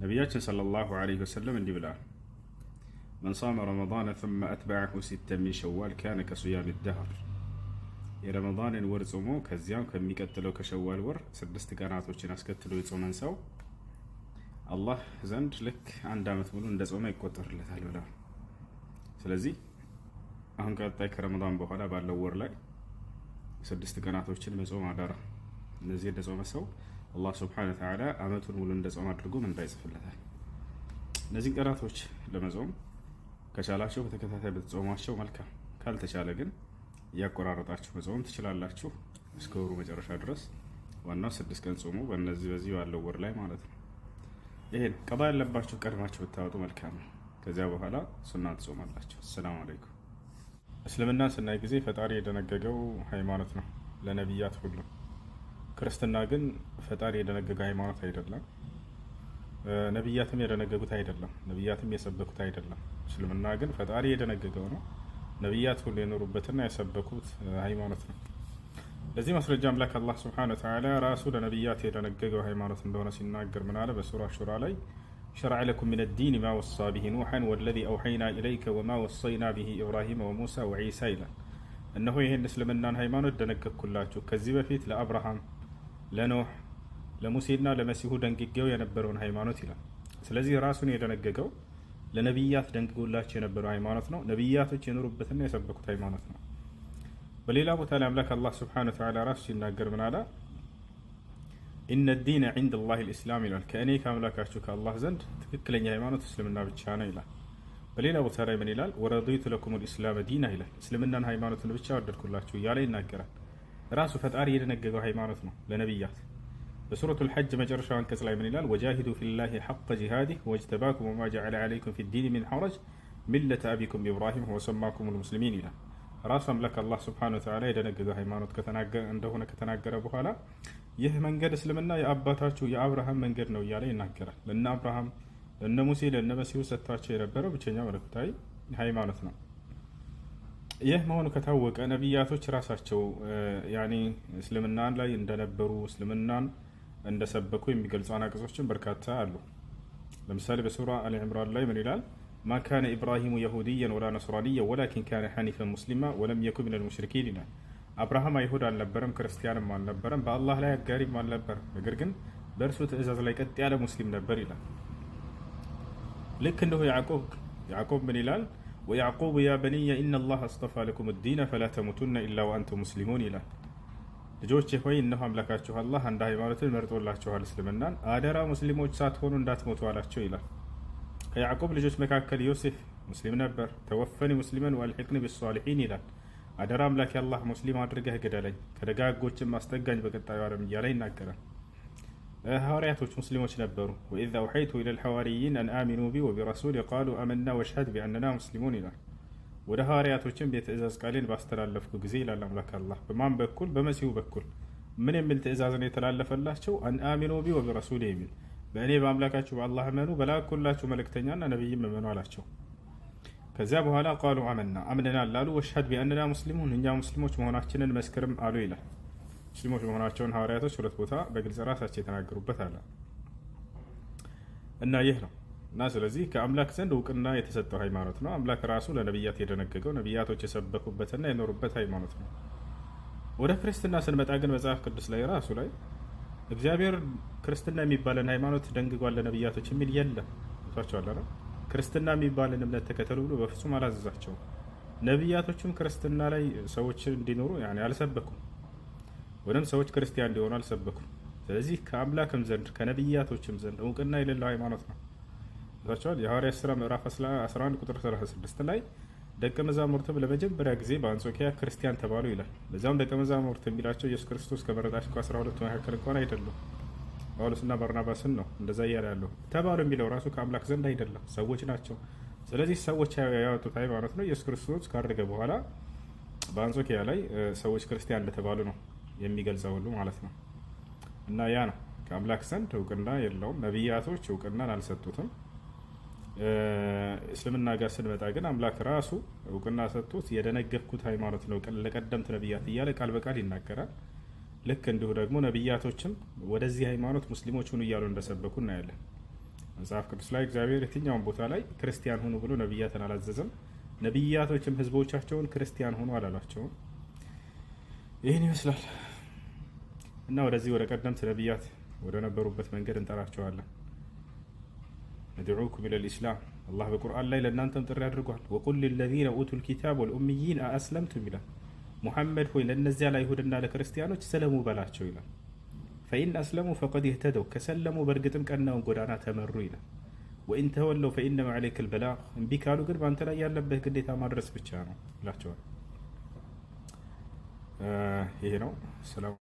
ነቢያችን ሰለላሁ ዐለይሂ ወሰለም እንዲህ ብለዋል። መን ሳመ ረመዳነ ثመ አትበዐሁ ሲተን ሚን ሸዋል ካነ ከሱያሚ ደህር። የረመዳንን ወር ጾሞ ከዚያም ከሚቀጥለው ከሸዋል ወር ስድስት ቀናቶችን አስከትሎ የጾመን ሰው አላህ ዘንድ ልክ አንድ ዓመት ሙሉ እንደ ጾመ ይቆጠርለታል ብለዋል። ስለዚህ አሁን ቀጣይ ከረመዳን በኋላ ባለው ወር ላይ ስድስት ቀናቶችን መጾም አደራ። እነዚህ እንደ ጾመ ሰው አላህ ስብሐነ ወተዓላ አመቱን ሙሉ እንደ ጾም አድርጎ ምንዳ ይጽፍለታል። እነዚህን ቀናቶች ለመጾም ከቻላቸው በተከታታይ በተጾሟቸው መልካም፣ ካልተቻለ ግን እያቆራረጣችሁ መጾም ትችላላችሁ እስከ ወሩ መጨረሻ ድረስ። ዋናው ስድስት ቀን ጾሙ በእነዚህ በዚህ ባለው ወር ላይ ማለት ነው። ይሄን ቀባ ያለባችሁ ቀድማችሁ ብታወጡ መልካም ነው። ከዚያ በኋላ ሱና ትጾማላችሁ። አሰላሙ አለይኩም። እስልምና ስናይ ጊዜ ፈጣሪ የደነገገው ሃይማኖት ነው ለነቢያት ሁሉ ክርስትና ግን ፈጣሪ የደነገገ ሃይማኖት አይደለም። ነቢያትም የደነገጉት አይደለም። ነቢያትም የሰበኩት አይደለም። እስልምና ግን ፈጣሪ የደነገገው ነው። ነቢያት ሁሉ የኖሩበትና የሰበኩት ሃይማኖት ነው። ለዚህ ማስረጃ አምላክ አላህ ስብሐነሁ ወተዓላ ራሱ ለነቢያት የደነገገው ሃይማኖት እንደሆነ ሲናገር ምናለ አለ? በሱራ ሹራ ላይ ሸረዐ ለኩም ሚነ ዲን ማ ወሳ ቢሂ ኑሐን ወለዚ አውሐይና ኢለይከ ወማ ወሰይና ቢሂ ኢብራሂመ ወሙሳ ወዒሳ ይላል። እነሆ ይህን እስልምናን ሃይማኖት ደነገግኩላችሁ ከዚህ በፊት ለአብርሃም ለኖህ ለሙሴና ለመሲሁ ደንግጌው የነበረውን ሃይማኖት ይላል። ስለዚህ ራሱን የደነገገው ለነቢያት ደንግጎላቸው የነበረው ሃይማኖት ነው። ነቢያቶች የኖሩበትና የሰበኩት ሃይማኖት ነው። በሌላ ቦታ ላይ አምላክ አላህ ስብሐነ ወተዓላ ራሱ ሲናገር ምን አለ? ኢነ ዲነ ዒንደ ላሂ ልእስላም ይላል። ከእኔ ከአምላካችሁ ከአላህ ዘንድ ትክክለኛ ሃይማኖት እስልምና ብቻ ነው ይላል። በሌላ ቦታ ላይ ምን ይላል? ወረዲቱ ለኩም ልእስላመ ዲና ይላል። እስልምናን ሃይማኖትን ብቻ ወደድኩላችሁ እያለ ይናገራል። ራሱ ፈጣሪ የደነገገው ሃይማኖት ነው ለነቢያት በሱረቱል ሐጅ መጨረሻ አንቀጽ ላይ ምን ይላል? ወጃሂዱ ፊላሂ ሐቀ ጂሃዲህ ወጅተባኩም ወማ ጀዐለ ዐለይኩም ፊዲን ሚን ሐረጅ ሚለተ አቢኩም ኢብራሂም ወሰማኩም ልሙስሊሚን ይላል። ራሱ አምላክ አላህ ስብሐነሁ ወተዓላ የደነገገ ሃይማኖት እንደሆነ ከተናገረ በኋላ ይህ መንገድ እስልምና የአባታችሁ የአብርሃም መንገድ ነው እያለ ይናገራል። ለእነ አብርሃም፣ ለእነ ሙሴ፣ ለእነ መሲሁ ሰጥቷቸው የነበረ ብቸኛ መለኮታዊ ሃይማኖት ነው። ይህ መሆኑ ከታወቀ ነቢያቶች ራሳቸው ያኔ እስልምናን ላይ እንደነበሩ እስልምናን እንደሰበኩ የሚገልጹ አናቅጾችን በርካታ አሉ። ለምሳሌ በሱራ አልዕምራን ላይ ምን ይላል? ማ ካነ ኢብራሂሙ የሁድያን ወላ ነስራንያ ወላኪን ካነ ሐኒፈን ሙስሊማ ወለም የኩ ምን ልሙሽሪኪን ይላል። አብርሃም አይሁድ አልነበረም፣ ክርስቲያንም አልነበረም፣ በአላህ ላይ አጋሪም አልነበረም። ነገር ግን በእርሱ ትእዛዝ ላይ ቀጥ ያለ ሙስሊም ነበር ይላል። ልክ እንደሁ ያዕቆብ ያዕቆብ ምን ይላል? ወያዕቁብ ያ በንየ ኢና ላህ አስጠፋ ለኩም ዲነ ፈላ ተሙቱና ኢላ ወአንቱም ሙስሊሙን ይላል። ልጆች ሆይ እነሆ አምላካችሁ አላህ አንድ ሃይማኖትን መርጦላችኋል እስልምናን፣ አደራ ሙስሊሞች ሳትሆኑ እንዳትሞቱ አላቸው ይላል። ከያዕቁብ ልጆች መካከል ዮሴፍ ሙስሊም ነበር። ተወፈኒ ሙስሊመን ወአልሒቅኒ ቢሷሊሒን ይላል። አደራ አምላክ አላህ ሙስሊም አድርገህ ግደለኝ፣ ከደጋጎችም አስጠጋኝ በቀጣዩ ዓለም እያለ ይናገራል። ሐዋርያቶች ሙስሊሞች ነበሩ። ወኢዝ አውሐይቱ ኢለል ሐዋርይን አን አሚኑ ቢ ወቢረሱል ቃሉ አመና ወሽሀድ ቢአንና ሙስሊሙን ይላል። ወደ ሐዋርያቶችም የትእዛዝ ቃሌን ባስተላለፍኩ ጊዜ ይላል አምላክ አላህ። በማን በኩል? በመሲሁ በኩል። ምን የሚል ትእዛዝ ነው የተላለፈላቸው? አን አሚኑ ቢ ወቢረሱል የሚል በእኔ በአምላካችሁ በአላህ እመኑ፣ በላኩላችሁ መልእክተኛና ነቢይም እመኑ አላቸው። ከዚያ በኋላ ቃሉ አመና አምነናል አሉ። ወሽሀድ ቢአንና ሙስሊሙን እኛ ሙስሊሞች መሆናችንን መስክርም አሉ ይላል ሙስሊሞች መሆናቸውን ሐዋርያቶች ሁለት ቦታ በግልጽ ራሳቸው የተናገሩበት አለ እና ይህ ነው እና ስለዚህ ከአምላክ ዘንድ እውቅና የተሰጠው ሃይማኖት ነው። አምላክ ራሱ ለነቢያት የደነገገው ነቢያቶች የሰበኩበትና የኖሩበት ሃይማኖት ነው። ወደ ክርስትና ስንመጣ ግን መጽሐፍ ቅዱስ ላይ ራሱ ላይ እግዚአብሔር ክርስትና የሚባለን ሃይማኖት ደንግጓል ለነቢያቶች የሚል የለም። ቷቸዋለ ነው ክርስትና የሚባልን እምነት ተከተሉ ብሎ በፍጹም አላዘዛቸውም። ነቢያቶቹም ክርስትና ላይ ሰዎችን እንዲኖሩ አልሰበኩም። ወደም ሰዎች ክርስቲያን እንዲሆኑ አልሰበኩም። ስለዚህ ከአምላክም ዘንድ ከነቢያቶችም ዘንድ እውቅና የሌለው ሃይማኖት ነው ቸዋል። የሐዋርያት ስራ ምዕራፍ 11 ቁጥር 36 ላይ ደቀ መዛሙርትም ለመጀመሪያ ጊዜ በአንጾኪያ ክርስቲያን ተባሉ ይላል። በዚያም ደቀ መዛሙርት የሚላቸው ኢየሱስ ክርስቶስ ከመረጣቸው ከ 12 መካከል እንኳን አይደሉም ጳውሎስና ባርናባስን ነው እንደዛ እያለ ያለው። ተባሉ የሚለው ራሱ ከአምላክ ዘንድ አይደለም፣ ሰዎች ናቸው። ስለዚህ ሰዎች ያወጡት ሃይማኖት ነው። ኢየሱስ ክርስቶስ ካደረገ በኋላ በአንጾኪያ ላይ ሰዎች ክርስቲያን እንደተባሉ ነው የሚገልጸው ሁሉ ማለት ነው። እና ያ ነው ከአምላክ ዘንድ እውቅና የለውም። ነቢያቶች እውቅናን አልሰጡትም። እስልምና ጋር ስንመጣ ግን አምላክ ራሱ እውቅና ሰጥቶት የደነገፍኩት ሃይማኖት ነው ለቀደምት ነቢያት እያለ ቃል በቃል ይናገራል። ልክ እንዲሁ ደግሞ ነቢያቶችም ወደዚህ ሃይማኖት ሙስሊሞች ሁኑ እያሉ እንደሰበኩ እናያለን። መጽሐፍ ቅዱስ ላይ እግዚአብሔር የትኛውን ቦታ ላይ ክርስቲያን ሁኑ ብሎ ነቢያትን አላዘዘም። ነቢያቶችም ህዝቦቻቸውን ክርስቲያን ሁኑ አላሏቸውም። ይህን ይመስላል። እና ወደዚህ ወደ ቀደምት ነቢያት ወደ ነበሩበት መንገድ እንጠራቸዋለን። ነድዑኩም ኢለል ኢስላም አላህ በቁርአን ላይ ለእናንተም ጥሪ አድርጓል። ወቁል ሊለዚነ ኡቱል ኪታብ ወልኡምይን አአስለምቱም ይላል። ሙሐመድ ሆይ ለእነዚያ ለአይሁድና ለክርስቲያኖች ሰለሙ በላቸው ይላል። ፈኢን አስለሙ ፈቀድ ይህተደው ከሰለሙ በእርግጥም ቀናውን ጎዳና ተመሩ ይላል። ወኢን ተወለው ፈኢነማ ዐለይከ ልበላግ እምቢ ካሉ ግን በአንተ ላይ ያለበት ግዴታ ማድረስ ብቻ ነው ይላቸዋል። ይሄ ነው።